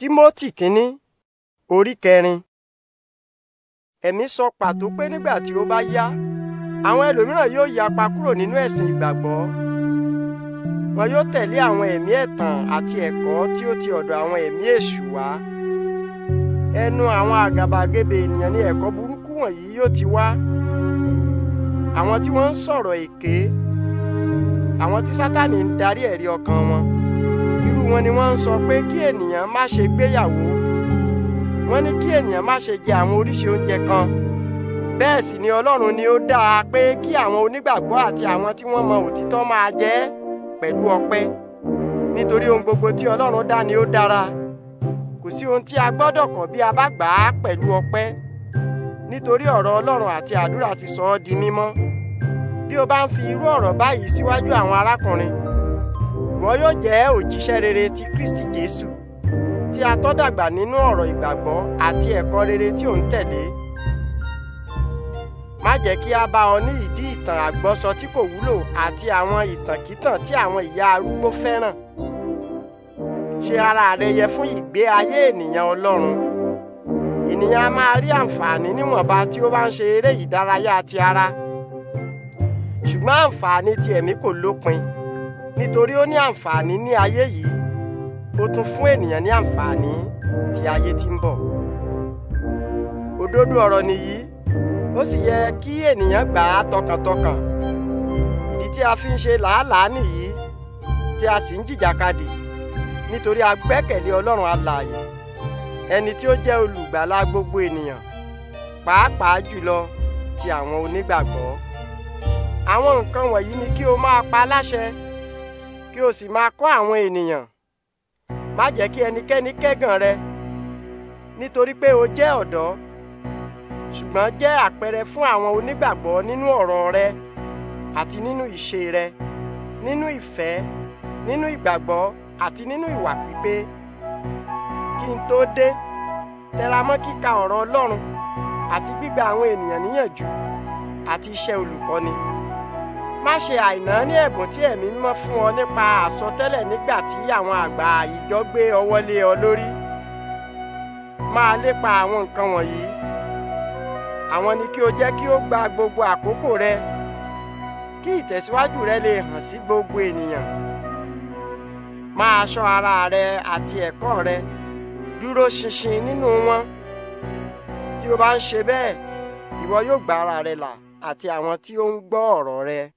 Timoti kínní orí kẹrin. Ẹ̀mí sọ pàtó pé nígbà tí ó bá yá, àwọn ẹlòmíràn yóò yapa kúrò nínú ẹ̀sìn ìgbàgbọ́. Wọn yóò tẹ̀lé àwọn ẹ̀mí ẹ̀tàn àti ẹ̀kọ́ tí ó ti ọ̀dọ̀ àwọn ẹ̀mí èṣù wá. Ẹnu àwọn àgàbàgebè ènìyàn ní ẹ̀kọ́ burúkú wọ̀nyí yóò ti wá. Àwọn tí wọ́n ń sọ̀rọ̀ èké, àwọn tí Sátánì ń darí ẹ̀rí ọkàn wọn wọn ni wọ́n ń sọ pé kí ènìyàn má ṣe gbéyàwó wọ́n ní kí ènìyàn má ṣe jẹ àwọn oríṣi oúnjẹ kan bẹ́ẹ̀ sì ni Ọlọ́run ni ó dáa pé kí àwọn onígbàgbọ́ àti àwọn tí wọ́n mọ òtítọ́ máa jẹ pẹ̀lú ọpẹ́ nítorí ohun gbogbo tí Ọlọ́run dá ni ó dára kò sí ohun tí a gbọ́dọ̀ kọ̀ bí a bá gbà á pẹ̀lú ọpẹ́ nítorí ọ̀rọ̀ Ọlọ́run àti àdúrà ti sọ ọ́ di mímọ́ bí o bá ń fi irú ọ̀rọ̀ báyìí síwájú àwọn arákùnrin Wọ́n yóò jẹ́ òjíṣẹ́ rere ti Kristi Jésù tí a tọ́ dàgbà nínú ọ̀rọ̀ ìgbàgbọ́ àti ẹ̀kọ́ rere tí ò ń tẹ̀lé. Má jẹ́ kí a bá ọ ní ìdí ìtàn àgbọ́sọ tí kò wúlò àti àwọn ìtànkítàn tí àwọn ìyá arúgbó fẹ́ràn. Ṣe ara rẹ yẹ fún ìgbé ayé ènìyàn Ọlọ́run. Ènìyàn a máa rí àǹfààní níwọ̀nba tí ó bá ń ṣe eré ìdárayá ti ara. Ṣùgbọ́n àǹfààní ti ẹ̀mí kò lópin nítorí ó ní àǹfààní ní ayé yìí ó tún fún ènìyàn ní àǹfààní ti ayé tí ń bọ̀. òdodo ọ̀rọ̀ nìyí ó sì yẹ kí ènìyàn gbà á tọkàntọkàn ìdí tí a fi ń ṣe làálàá nìyí tí a sì ń jìjàkadì nítorí a gbẹ́kẹ̀lé ọlọ́run alààyè ẹni tí ó jẹ́ olùgbàlà gbogbo ènìyàn pàápàá jùlọ ti àwọn onígbàgbọ́ àwọn nǹkan wọ̀nyí ni kí o máa pa láṣẹ kí o sì máa kọ́ àwọn ènìyàn má jẹ́ kí ẹnikẹ́ni kẹ́gàn rẹ nítorí pé o jẹ́ ọ̀dọ́ ṣùgbọ́n jẹ́ àpẹẹrẹ fún àwọn onígbàgbọ́ nínú ọ̀rọ̀ rẹ àti nínú ìṣe rẹ nínú ìfẹ́ nínú ìgbàgbọ́ àti nínú ìwà pípé kí n tó dé tẹra mọ́ kíka ọ̀rọ̀ Ọlọ́run àti gbígba àwọn ènìyàn níyànjú àti iṣẹ́ olùkọ́ni má ṣe àìná ní ẹ̀bùn tí ẹ̀mí mímọ́ fún ọ nípa àsọtẹ́lẹ̀ nígbà tí àwọn àgbà ìjọ gbé ọwọ́ lé ọ lórí máa lépa àwọn nǹkan wọ̀nyí àwọn ni kí o jẹ́ kí ó gba gbogbo àkókò rẹ kí ìtẹ̀síwájú rẹ lè hàn sí gbogbo ènìyàn máa ṣọ́ ara rẹ àti ẹ̀kọ́ rẹ dúró ṣinṣin nínú wọn tí o bá ń ṣe bẹ́ẹ̀ ìwọ yóò gba ara rẹ là àti àwọn tí ó ń gbọ́ ọ̀rọ̀ rẹ.